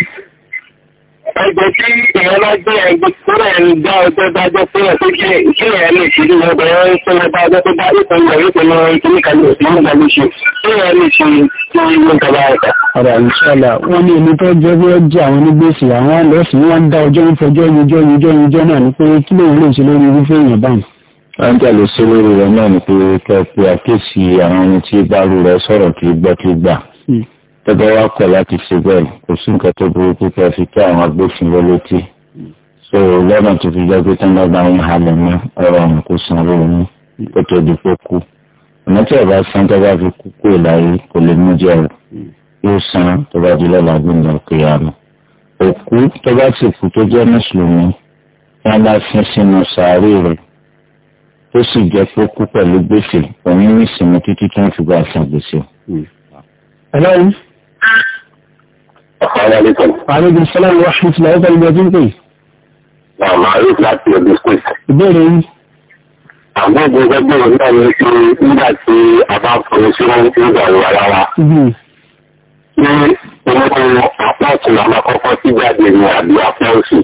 Ẹgbẹ́ tí èèyàn bá gbé ẹgbẹ́ tó rẹ̀ ń dá ọjọ́ dájọ́ pé ẹ̀ tó jẹ́ ìṣe ẹ̀ lè ṣe ní ọgbà ẹ̀rọ ń pín lọ́gbà ọjọ́ tó bá ìpín lọ yóò pín lọ ìkíní kan lè ṣe nígbà ló ṣe. Ṣé ẹ̀ lè ṣe tí ìlú ń tọ́ba ẹ̀ka? Ọ̀rọ̀ ìṣọ̀lá wọn ní èmi tó jẹ́ pé ó jẹ́ àwọn onígbèsè àwọn àlọ́sìn wọn dá ọjọ́ ń fọjọ́ yíjọ́ yíjọ́ náà ni pé kí lóun lè ṣe lórí irúfẹ́ èèyàn báyìí áńjà lè ṣe lórí rẹ̀ náà ni pé kẹ́ẹ̀pé àkéèsí àwọn ẹni tí bárò rẹ̀ sọ̀rọ̀ kì í gbọ́ kí gbà hmm. tọ́gbà wa kọ̀ láti ṣe bẹ́ẹ̀ kò sí nǹkan tó burú pé kẹ́ẹ̀ fi kí àwọn agbófinró létí so lọ́nà tó fi jẹ́ pé tí wọ́n bá ń halẹ̀ mọ́ ọ̀rọ̀ ọ̀hún kò san owó ní kó tó di pé kú ọ̀nà tí ọ̀bá san tó bá fi kú kú ìlàyé kò lè mú jẹ́ o yóò san tó bá di lọ́la gbẹ̀ngà òkè àná òkú tó bá ti kú tó jẹ́ mùsùlùmí wọ́n bá sin sínú sàárè rẹ̀ ó sì jẹ́ pé ó kú pẹ̀lú gbèsè òun ní ìsinmi títí tí wọ́n fi gba àṣà gbèsè. ẹlọ́run. asalaamualeykum. aleykum salaam wa rahmatulah ọba ìgbà tó ń pè. màmá yóò láti ọdún pé. náà ní ṣe nígbà tí a bá fọwọ́ sí wọn tí ó gbà wà lára. ọmọkùnrin apá ọ̀tún àmọ́ kọ́kọ́ sí jáde ní àbí apá òsì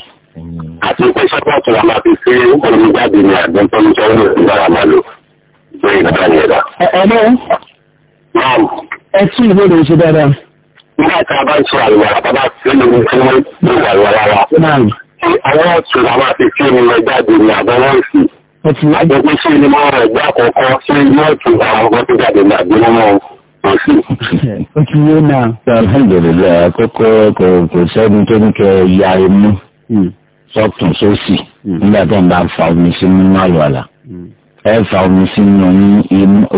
àti ìpè sọ́pọ̀tù wa máa fi ṣe olùjáde ní àgbọn tó ń sọ́wọ́ ìgbàlá máa lò fún ìgbàlá ní ẹ̀dá. ẹ̀rọ ẹ tún ìbéèrè ṣe dáadáa. nígbà tí a bá ń sọ àlùwàlà bàbá tí ó lè fún ní àlùwàlà wa. àwọn ọ̀tún la máa fi ṣe olùjáde ní àgbọn wọn sì. àgbẹ̀pẹ̀ ṣe ni mo rẹ̀ gbá àkọ́kọ́ ṣé yóò tún àwọn ọgbọ́n tó jáde ní àgbọn wọn ó ti yé náà. alhamdulilayi àkọ́kọ́ kò sẹ́ni tó ń kẹ ya imú. Hmm sọ́tún sósì nígbà tó ń bá fa omi sí nínú àlùwàlà ẹ fa omi sí nínú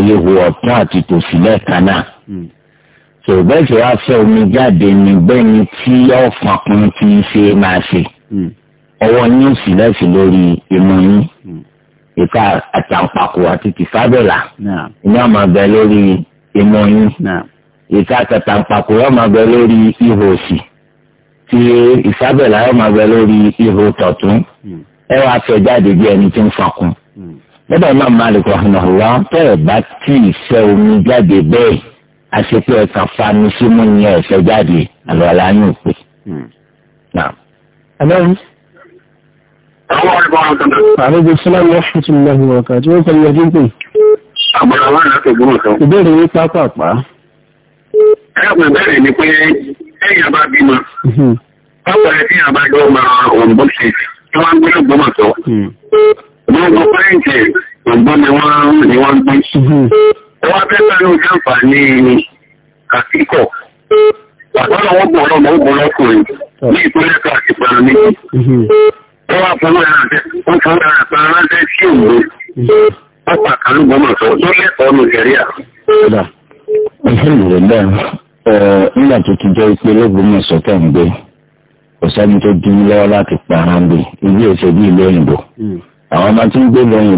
ihò ọ̀tún àti tòsì lẹ́ẹ̀kan náà tó hmm. bẹ́ẹ̀ tí wàá fẹ́ omi jáde nígbẹ́ni tí ọ̀fàkùn ti ṣe máa ṣe hmm. ọwọ́ ní òsì lẹ́sìn lórí imú yín hmm. ìka àtàǹpàkò àti tìfábẹ́là ní ọmọ lórí imú yín ìka àtàǹpàkò ọmọ lórí ihò òsì tí ìsábẹ̀ láyọ̀ máa bẹ lórí ihò tọ̀tún hmm. ẹ wàá fẹ́ jáde bí ẹni tí ń fọkùn. lọ́dọ̀ náà Malik rahimahullah tẹ̀rẹ̀ bá tí ìfẹ́ omi jáde bẹ́ẹ̀ àṣepẹ́ ẹ̀ka fani símú ni ẹ̀ fẹ́ jáde àlọ́ aláyọ̀ òpè. Àlejò Sọlámi Washington Lọ́hùn Ọ̀kà tí wọ́n kọ́ ọdún pè. Àgbàlá wà láti ìgbìmọ̀ Ìbéèrè yín pápá pa. Ẹ̀rọ ìbéèrè ni pé téèyàn bá bímọ báwo dị téèyàn bá jọ ọmọ òǹbó ṣe tí wọ́n ń gbé lọ́gbọ́mọ̀ hmm. tó wọ́n gbọ́ pẹ́ǹtì òǹbó ni wọ́n gbé ojú hmm. àǹfààní wọ́n gbọ́ ọlọ́mọ ogun hmm. ní ìpínlẹ̀ àti wọ́n fọwọ́ ẹ̀rọ ránṣẹ́ sí nígbà tó ti jẹ́ pé lọ́gbọ̀mọ̀sọ̀ tẹ̀ ń gbé kò sẹ́ni tó dín lọ́wọ́ láti pa ara ń gbé ilé ìṣe bí ìlú òyìnbó. Hmm. àwọn ọmọ tí ń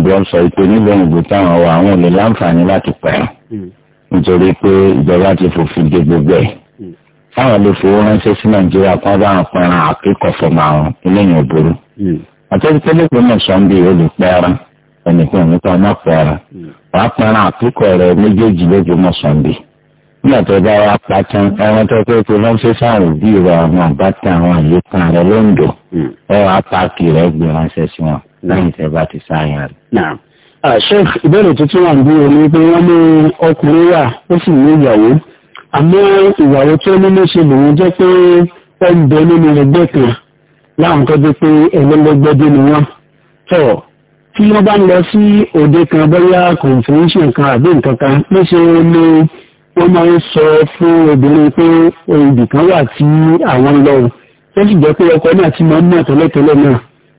gbé sọ pé nílùú òyìnbó táwọn wà àwọn ò láǹfààní láti pẹ̀rùn hmm. nítorí pé ìjọba ti fòfin de gbogbo ẹ̀. Hmm. táwọn lè fowó ránṣẹ́ sí nàìjíríà kan bá wọn fọmọ àwọn burú. pé wàá nígbà tó bá wa pa tán ẹran tó pé kó lọ́nṣẹ́ sáwọn òbí rẹ àwọn àbáta àwọn àlékún rẹ lóńdò ẹ hmm. wàá paaki rẹ gbé ránṣẹ́ sí wọn lẹ́yìn tẹ́ bá ti sáyà rẹ. sheik ìbéèrè tuntun wà ní omi pé wọ́n ní ọkùnrin wà ó sì ní ìyàwó àmọ́ ìyàwó tó ní ló ṣe lòun jẹ́ pé ó ń bẹ nínú ẹgbẹ́ kan láwọn kan jẹ́ pé ẹlẹ́gbẹ́gbẹ́dé ni wọ́n tọ̀ tí wọ́n bá ń lọ sí òde kan bóyá conference kan àbí nǹkan kan níṣẹ́ wọ́n máa ń sọ fún obìnrin pé ibì kan wà tí àwọn lọ ó sì jẹ́ pé ọkọ náà ti máa ń mọ̀ tẹ́lẹ̀tẹ́lẹ̀ náà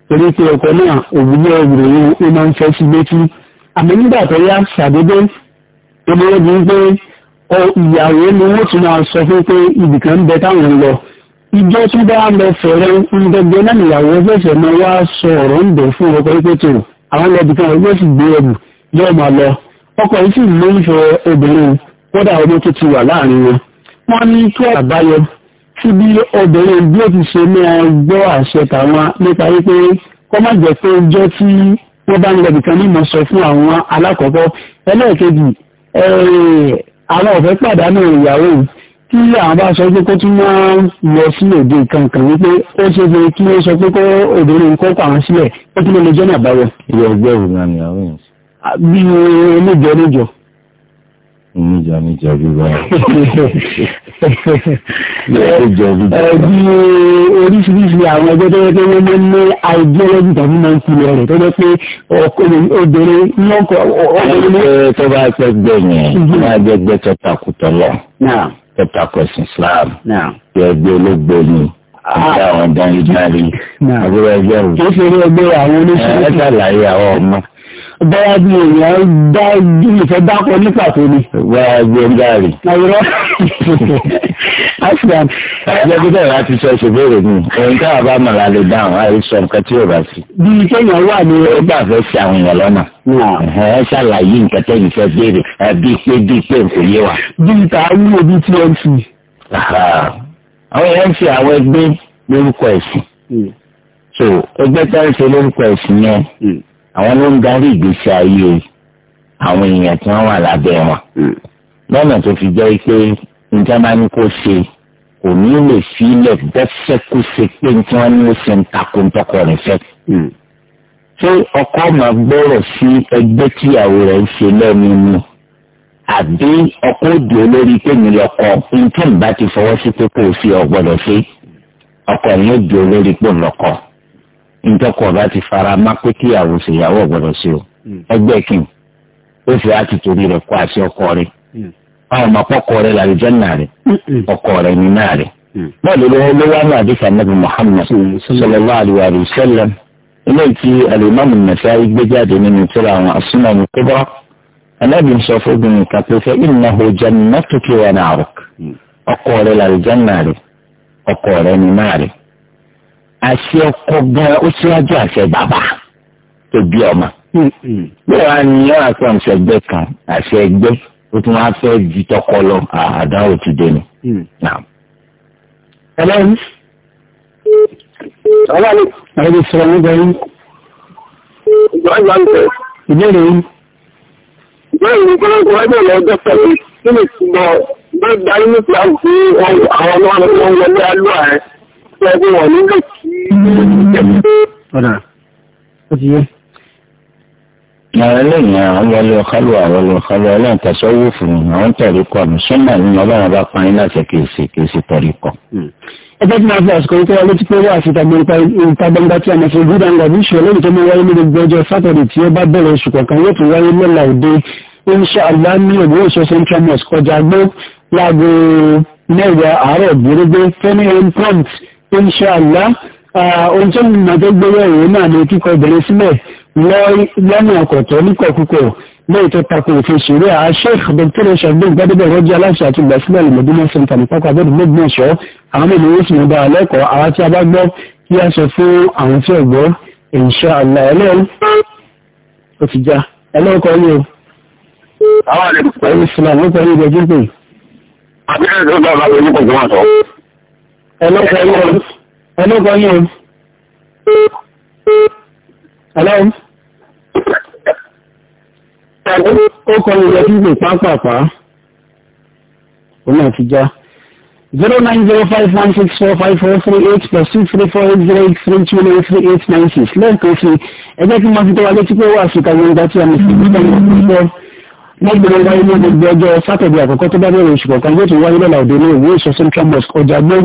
torí pé ọkọ náà òwúlẹ̀ obìnrin ó máa ń fẹ́ sí létí àmọ́ nígbà tó yá ṣàdédé ọmọlẹ́bí pé ìyàwó ni wọ́n tún máa sọ fún pé ibì kan ń bẹ táwọn ń lọ ìjọ tí bá ń lọ fẹ̀rẹ̀ ń gbẹgbẹ́ náà nìyàwó fẹ̀sẹ̀ máa wá sọ ọ̀rọ̀ ń bẹ̀ fún ọkọ pé tó àwọn lẹ́bí kan ọgbẹ́ sì gbé ẹbù yóò máa lọ ọkọ yìí sì mú ìfẹ́ obìnrin kódà ọmọ tó ti wà láàrin wọn wọ́n ní tó àbáyọ tí bí obìnrin bí ó ti ṣe ní ọgbọ́ àṣẹ tàwọn nípa wípé kó má jẹ́ pé ọjọ́ tí wọ́n bá ń lọ nìkan ní mọ̀ sọ fún àwọn alákọ̀ọ́kọ́ ẹlẹ́ẹ̀kejì àwọn ọ̀fẹ́ pàdánù ìyàwó tí àwọn bá sọ pé kó tún máa lọ sí òde kankan wípé ó ṣe fi kí wọ́n sọ pé kó òde ní kó pàwọn sílẹ̀ ó tún lè jẹ́ nàbáyọ. ìyá ẹgbẹ́ ìrìnàmì àwọn èèyàn. bí olóòjọ́ olóòjọ́ níjà níjà bíbá ẹbí oríṣiríṣi àwọn ẹgbẹ́ tó yẹ pé wọ́n máa ń ní ideology tàbí máa ń kulẹ̀ rẹ̀ tó yẹ pé ọkùnrin obìnrin lọ́kọ̀ ọkùnrin. ẹ tó bá pẹ́ gbẹ̀yìn mhm. máa jẹ́ gbẹ́ tó takùtọ̀ lọ tó takọ̀ ẹ̀sìn Islam yẹ gbé olóògbé ni ah. àti àwọn dáríjárí àbúrò ẹgbẹ́ òun. ó ṣe eré ẹgbẹ́ àwọn oníṣẹ́. ẹ bẹ́ẹ̀ bí èèyàn dá ìfẹ́ dákọ̀ ní pàtó ni. wá gbé gàrí. àyọ̀rọ̀ aslam. ẹgbẹ́ bí bẹ́ẹ̀ láti sọ ìṣèbéèrè mi ẹ̀yin káwa bá mọ̀ la lè dáhùn àìsàn nǹkan tí ò bá sí. bí kéèyàn wà ní ẹgbẹ́ àfẹ́ sí àwọn èèyàn lọ́nà. ẹ ṣàlàyé nǹkan tẹ́yìn fẹ́ béèrè bíi pé bíi pé kò yé wa. bíi ta wúwo bíi tmc. àwọn èèyàn ń ṣe àwọn ẹgbẹ́ lórúkọ ẹ̀sìn. Hmm. so ẹgbẹ́ tá ń ṣe lórúkọ ẹ̀sìn yẹn. Hmm àwọn ló ń darí ìgbésí ayé àwọn èèyàn tí wọ́n wà lábẹ́ wọn hmm. lọ́nà tó fi jẹ́ pé njẹ́ máa ní kó ṣe kò ní lè sílẹ̀ dẹ́sẹ̀kúṣe pé tí wọ́n ní ó ṣe ń takò ń tọkọ rẹ̀ fẹ́. Hmm. ṣé ọkọ máa gbọ́rọ̀ sí ẹgbẹ́ tíyàwó rẹ̀ ń ṣe lẹ́nu ni àbí ọkọ òdì olórí tèmi lọkọ nǹkan ti fọwọ́ sí pé kò sí ọgbọ́dọ̀ sí ọkọ yóò di olórí pò lọkọ ntọ́kọ̀ bá ti fara má pé kíyàwó ṣèyàwó ọ̀gbọ́dọ̀ sí o hmm. ẹgbẹ́ kí n ó fi àti torí rẹ̀ kó àti ọkọ rẹ̀ àwọn ọmọ akọ́kọ rẹ̀ làlùjẹ́ hmm. náà rẹ̀ ọkọ rẹ̀ ní náà rẹ̀ náà ló lọ́wọ́ ló wá ní àdìsá nàbì Muhammad hmm. sallallahu alaihi wa sallam ilé tí alimami Nasa'i gbé jáde nínú tíra àwọn asúnmọ̀nù kúbọ́ anábì ń sọ fún obìnrin kan pé fẹ́ wa naruk ọkọ rẹ̀ làlùjẹ́ náà rẹ̀ ọkọ rẹ̀ ní àṣẹ ọkọ gan ó síwájú àṣẹ bàbá tó bí ọmọ bẹ́ẹ̀ wá ní yọrọ àṣẹ ọmọṣẹgbẹ kan àṣẹ ẹgbẹ́ ó tún wá fẹ́ ju tọkọ lọ àdánwò ti dé ni. ẹlẹ́yìn ọlọ́run àwọn ìṣòro nígbà yìí. ìbéèrè yìí. ìbéèrè yìí kọ́lá kọ́lá bẹ́ẹ̀ lọ ọjọ́ pẹ̀lú kí ìtumọ̀ bẹ́ẹ̀ darí nípa àwọn ọ̀dà ó hmm. máa fi àsìkò yìí tó wọlé tí pé wà sí ìta gbangba tí a máa fi gúdà ń gbàdúrà ìṣòro lónìí tó máa wáyé ní gbogbo sátọ̀dì tí ó bá bẹ̀rẹ̀ oṣù kọ̀ọ̀kan yóò tún wáyé lọ́la òde insha allah ní central mosque ọjà gbó láago mẹ́wàá àárọ̀ gbèrègbè fẹ́mi imprompt insha allah Ah, ohun tó mú màá tó gbéyà ìwé náà ni kíkọ obìnrin sílẹ̀ lọ́nà ọ̀kọ̀tọ̀ níkọ̀kúkọ̀ lẹ́yìn tó tako òfin ṣeré à sheikh dr shabdin gbadebo rọjí aláṣẹ àti gbàsílẹ̀ ìmọ̀dúnmọ̀ center ní pápá abẹ́rù mẹ́gbọ̀n ṣọ́ àwọn ènìyàn sì mọ̀ bá a lẹ́kọ̀ọ́ àwa tí a bá gbọ́ kí a sọ fún àwọn tí ò gbọ́ insha Allah ẹlẹ́rìí ó ti já ẹlẹ́kọ̀ọ́ yìí o. àwọn àlejò pẹ̀lú islam ló pẹ̀lú ìgbẹ́jú ẹlọ́gbọ́ yẹn ẹlọ́run ó kọ́ ìwé fífò pápápá ó náà ti já zero nine zero five one six four five four three eight plus two three four eight zero eight three two nine three eight nine six lẹ́ẹ̀kan sí ẹgbẹ́ tí mo fi tó wa létí pé ó wà sí kàwé ìgbà tí a mọ̀ sí ìgbà tí a mọ̀ sí ìgbà lọ́gbọ̀n wáyé ní gbogbo ọjọ́ sátọ̀dẹ̀ àkọ́kọ́ tó bá bẹ̀rẹ̀ oṣù kọ̀ọ̀kan yóò tún wáyé lọ́la òde ní ìwé ìṣọ́ central mosque ọjà gbó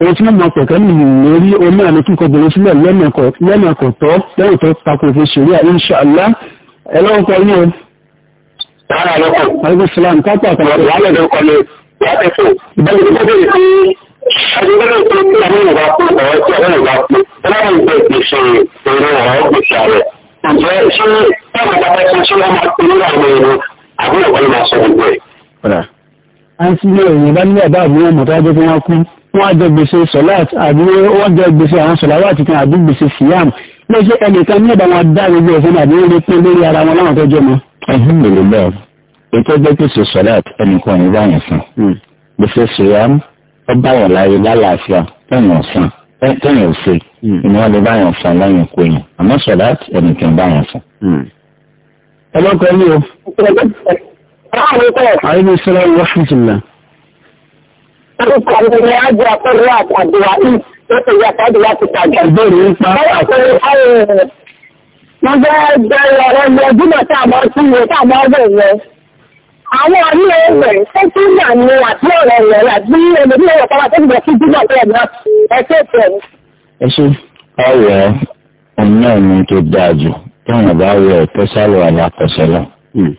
ohun tí wọ́n mọ pẹ̀kẹ́ nìyí lórí oní àmì kíkọ bẹ̀rẹ̀ sílẹ̀ lẹ́nà kọ̀tọ́ lẹ́yìn tó tako òfin ṣòríà inṣàlá ẹ lọ́wọ́ kọ ní o. sára ló kọ. aleykum salaam kápá àtàwọn ìwádìí ló kọ ní láti fún ìbẹ̀rẹ̀ ìbẹ̀rẹ̀ ìbẹ̀rẹ̀ ìbẹ̀rẹ̀ àbúrò wọn ló máa sọ gbogbo ẹ̀. a ń sílẹ̀ èèyàn bá nílẹ̀ bá àbúrò mọ̀tò ajọ́ pé wọ́n kú wọ́n á jẹ gbèsè sọ̀láàtì àbí wọ́n jẹ gbèsè àwọn sọ̀láwàtì kan àbí gbèsè síyàm ló ṣe ẹnìkan ní ìbáwọn dá gbogbo ẹ̀fọn àbí wọ́n lè pín lórí ara wọn láwọn tó jẹ mọ́. alhamdulilayi ètò ẹgbẹ́ gbèsè sọ̀láàtì ẹnìkan ní báyìí fún hmm. gbèsè síyàm ó báyọ̀ láyé lálàáfíà hmm. lẹ́yìn ọ̀sán lẹ́yìn ọ̀sẹ̀ ìnáwó lè báyọ̀ fún lẹ́yìn kóyìn àmọ́ sọ̀láàtì ẹnìkan báyọ̀ fún ọlọ́kọ ní o. àyẹ̀bí sọ́lá ń wáṣíntìlá. Ìkọ̀ọ̀dù ni a jẹ́ àpẹẹrẹ àtàdùwà yìí láti ìyá àtàdù láti tàjà. Ìbéèrè ń pa ní ọdún náà tá a máa tún yẹ tá máa bẹ̀ yẹ. Àwọn ẹ̀rẹ̀ sẹ́kúnà ni àti ní ọ̀rọ̀ pàwọ́ tó gbọ̀dọ̀ sí jùlọ bẹ́ẹ̀ náà ẹ̀ṣẹ̀ ìfẹ́. Ẹ ṣe, ọ̀rọ̀ ọ̀nà mi tó dáa jù téèyàn bá wọ ẹ̀tọ́ sálọ alákọ̀ọ́sọ lọ. Hmm.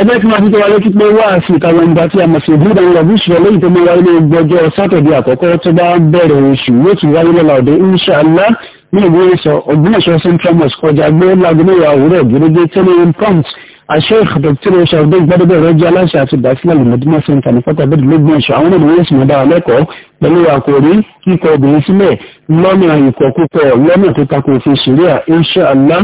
ẹgbẹ́ tí wọ́n ti tọ́wọ́ létí pé wá sí ìta gbangba tí a mọ̀ sí ìbúdà ńlọ bí ìṣòro lẹ́yìn tó mú wáyé ní gbọ́jọ́ sátọ̀dẹ̀ àkọ́kọ́ tó bá bẹ̀rẹ̀ oṣù yóò tún wáyé lọ́la òde inṣàlá ní ìwé ìsọ ògbómọ̀ṣọ́ central mosque ọjà gbé lágbóná òwúrọ̀ gẹ́gẹ́ tẹ́lẹ̀ prompt asheikh dr ṣàwùdé gbadébẹ rọjò aláṣẹ àti ìdásílẹ̀ lùmọdúnmọ center ní pátábẹẹdì lógún lọ́nà ìkọ̀kúkọ̀ lọ́nà tó tako òfin ṣìríà insha Allah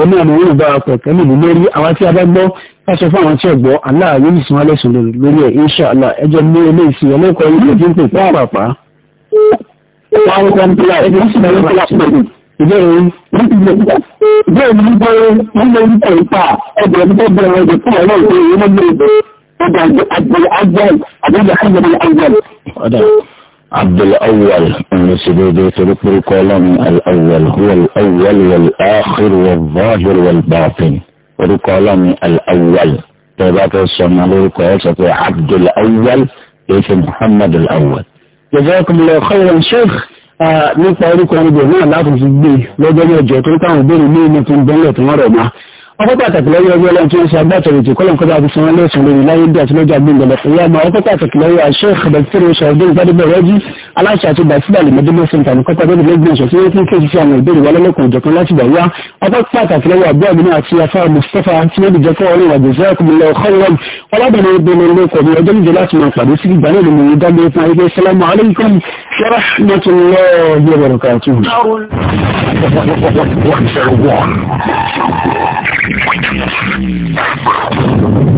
oní àmì wọn bá pẹ̀kẹ́ nìlú lórí àwọn tí a bá gbọ́ láṣọ fún àwọn tí ẹ̀ gbọ́ Allah yóò ní sinwálẹ̀ sùn lórí ẹ̀ insha Allah ẹjọ́ ní ilé ìsìn ọlọ́kọ̀ ilé tí ń pè pàápàá. ìbéèrè ah, ní pé wọ́n عبد الأول سيدي تذكر قولهم الأول هو الأول والآخر والظاهر والباطن ورقالهم الأول طيبات السنة لرقالة عبد الأول ليس محمد الأول جزاكم الله خيرا شيخ nípa orúkọ ọmọdé náà láti لو gbé lọ́jọ́ ní ọjọ́ tó káwọn ìbéèrè ní ọkọ pàtàkì lọ́yọ̀ ọgbẹ́ ọlọ́run tí wọ́n ṣe agbátẹ̀rẹ̀ tí kọ́lọ̀ kọ́lọ̀ àbúsọ wọn lẹ́sùn lórí láyé bí àti lọ́jọ́ àgbẹ̀gbẹ̀lẹ̀ ìyá àmọ́ ọkọ pàtàkì lọ́yọ̀ àṣẹ ìkàbẹ̀tẹ̀rẹ̀ ṣọ̀gbọ́n ìgbàdébẹ̀ rẹ́jí aláṣẹ àti gbàsídà lè mọdé lọsẹ nǹkan kọta tó lè gbìyànjú tí wọn ti ń kéjì sí àwọn ìbéèrè wa lọlọkùn ìjọkan láti gbà wá ọpẹ́ pàtàkì lọ́wọ́ àbúrò àbúrò àti afárá mustapha tí wọn dìjọ kọ ọrùn àgbèsè ọkùnrin ọkọọwọn ọlọdọọdọ ìgbẹmọ lóko ní ọjọ́ níjẹ láti máa pàdé sí ìgbà náà lómi ìdágbé fún ayé sálámù aláìkọm